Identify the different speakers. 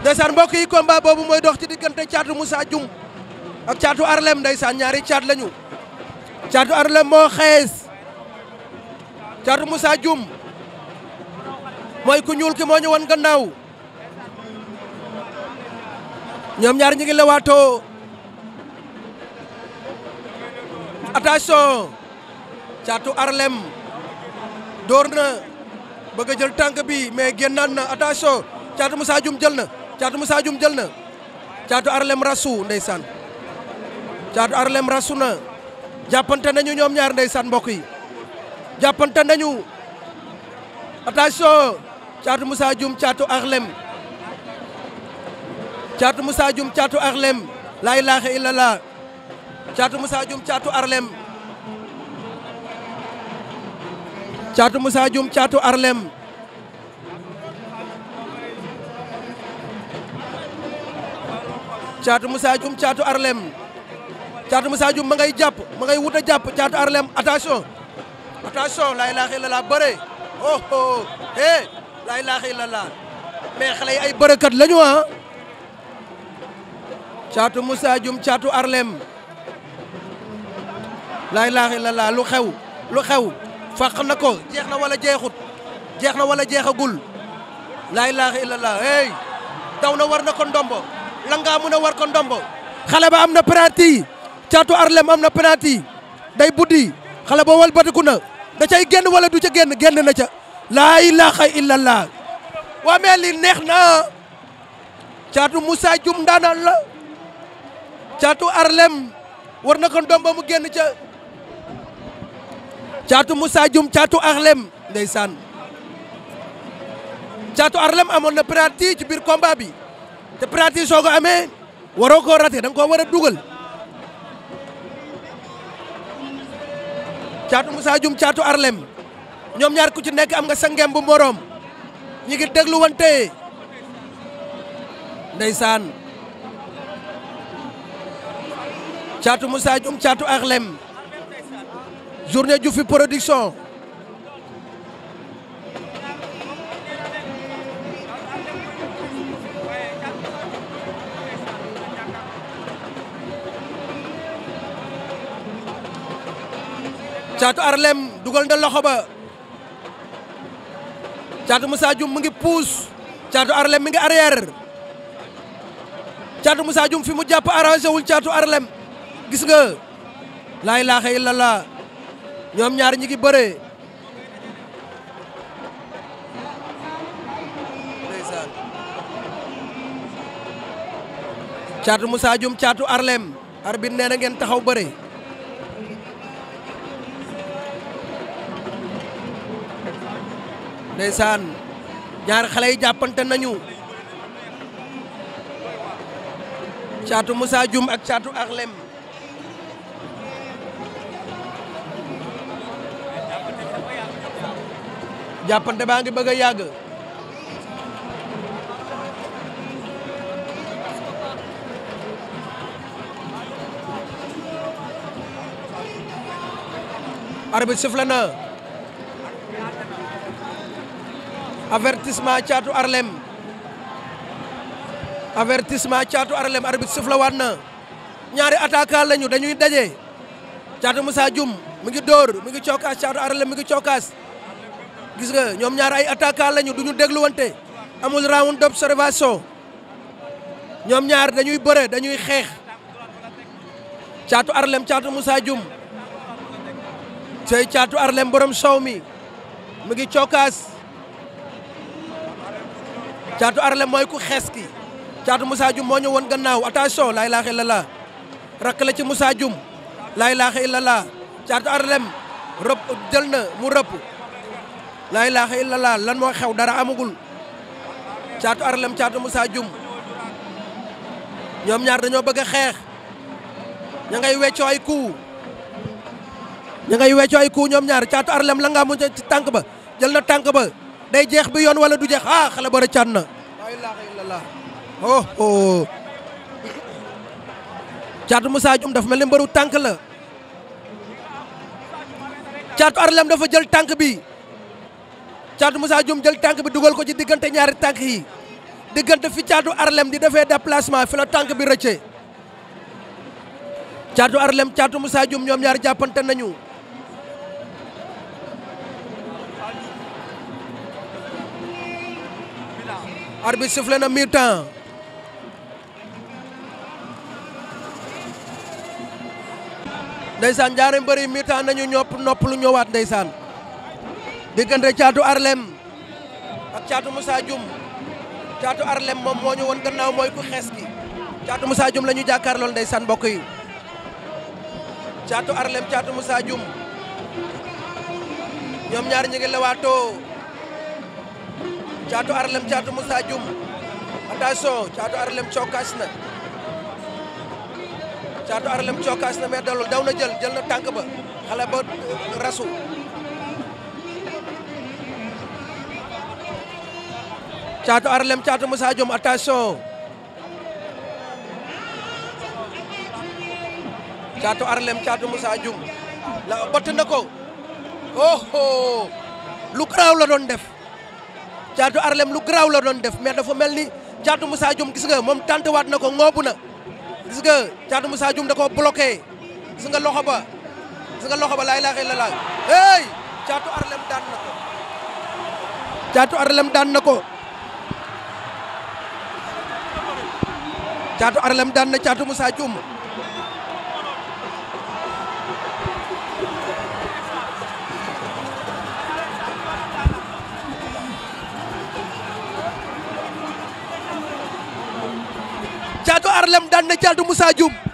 Speaker 1: ndeysaan mbokk yi combat boobu mooy dox ci diggante caatu Moussa Dioum ak caatu Arlem ndeysaan ñaari caat lañu caatu Arlem moo xees caatu Moussa Dioum mooy ku ñuul ki moo ñu wan gannaaw ñoom ñaar ñu ngi lewaatoo attention caatu Arlem door na bëgg a jël tànk bi mais génnaat na attention caatu Moussa Dioum jël na. caatu Moussa Dioum jël na caatu Arlem rasu ndeysaan caatu Arlem rasu na jàppante nañu ñoom ñaar san mbokk yi jàppante nañu attention caatu Moussa jum caatu Arlem caatu Moussa Dioum caatu Arlem laa ilaaha illallah caatu Moussa Dioum caatu Arlem caatu Moussa Dioum caatu Arlem caatu Moussa Dioum caatu Arlem caatu Moussa ma ngay jàpp ma ngay wut a jàpp caatu Arlem attention attention lay ilaaha illallaah bëre oh oh eh laa ilaaha illallaah mais ay bërëkat lañu ah caatu Moussa caatu Arlem lay ilaaha illallaah lu xew lu xew fàq na ko jeex na wala jeexut jeex na wala jeexagul lay ilaaha illallaah hey daw na war na ko ndombo langa mun a war ko ndombo xale ba am na penalty caatu arlem am na penalty day buddi xale ba walbatiku na da cay génn wala du ca génn génn na ca laa ilaha illallah waa mais li neex na caatu Moussa Dioum ndaanaan la caatu arlem war na ko ndombo mu génn ca caatu Moussa Dioum caatu arlem ndeysaan caatu arlem amoon na penalty ci biir combat bi te pratique soo ko amee waroo ko raté da koo war a dugal caatu Moussa Dioum caatu Arlem ñoom ñaar ku ci nekk am nga sa ngem bu moroom ñi ngi déglu wante ndeysaan caatu Moussa Dioum caatu Arlem journée Dioufy production caatu Arlem dugal na loxo ba caatu Moussa Dioum mu ngi puus caatu Arlem mi ngi arrière caatu Moussa Dioum fi mu jàpp arrangé wul caatu Arlem gis nga laa ilaaha illallah ñoom ñaar ñi gi bëree caatu Moussa Dioum caatu Arlem arbitre nee na ngeen taxaw bëre ndeysaan ñaari xale yi jàppante nañu caatu Moussa Dioum ak caatu Arlem jàppante baa ngi bëgg a yàgg arbitre sifflé na avertissement caatu Arlem avertissement caatu Arlem arbitre sifla waat na ñaari attaquant lañu dañuy daje caatu Moussa Dioum mu ngi dóor mi ngi cookaas caatu Arlem mi ngi cookaas gis nga ñoom ñaar ay attaquant lañu duñu wante amul round d'observation ñoom ñaar dañuy bëre dañuy xeex caatu Arlem caatu Moussa Dioum tey caatu Arlem borom sow mi mi ngi cookaas caatu arale mooy ku xees ki caatu Moussa Dioum moo ñu woon gannaaw lay laa ilaaha laa rakk la ci Moussa Dioum laa ilaaha illallah caatu aralem rëpp jël na mu rëpp laa ilaaha illallah lan moo xew dara amagul caatu aralem caatu Moussa Dioum ñoom ñaar dañoo bëgg a xeex ña weccoo ay coup ña ngay weccoo ay coup ñoom ñaar caatu aralem la nga mu ci tànk ba jël na tànk ba day jeex bi yoon wala du jeex ah xale ba rëccaat na ilaha illallah oh oh Caatu Moussa Dioum dafa mel ni mbëru tànk la Caatu Arlem dafa jël tànk bi Caatu Moussa Dioum jël tànk bi dugal ko ci diggante ñaari tànk yi diggante fi Caatu Arlem di defee déplacement fi la tànk bi rëcce Caatu Arlem Caatu Moussa Dioum ñoom ñaar jàppante nañu arbitre sifflé na mi-temps ndeysaan ñaari mbër yi nañu ñopp nopp lu ñëwaat ndeysaan diggante caatu Arlem ak caatu Moussa Dioum caatu Arlem moom moo ñu woon gannaaw mooy ku xees gi caatu Moussa Dioum la ñu jàkkaar lool ndeysaan mbokk yi caatu Arlem caatu Moussa Dioum ñoom ñaar ñu ngi lewaatoo Thiatou Harlem Thiatou Moussa Dioum attention Thiatou Harlem cokkaas na Thiatou Harlem jël jël na tànk ba xale ba euh, rasu Thiatou Harlem Thiatou Moussa Dioum attention Thiatou Harlem Thiatou Moussa Dioum la bott ko oh, oh lu garaaw la doon def caatu Harlem lu garaaw la doon def mais dafa mel ni caatu Moussa Dioum gis nga moom tant waat na ko ŋoobu na gis nga caatu Moussa Dioum da koo bloqué gis nga loxo ba gis nga loxo ba laay laaxee la laay hey caatu Harlem daan na ko caatu Harlem daan na ko caatu Harlem daan na caatu Moussa Dioum lam daan na caatu Moussa Dioum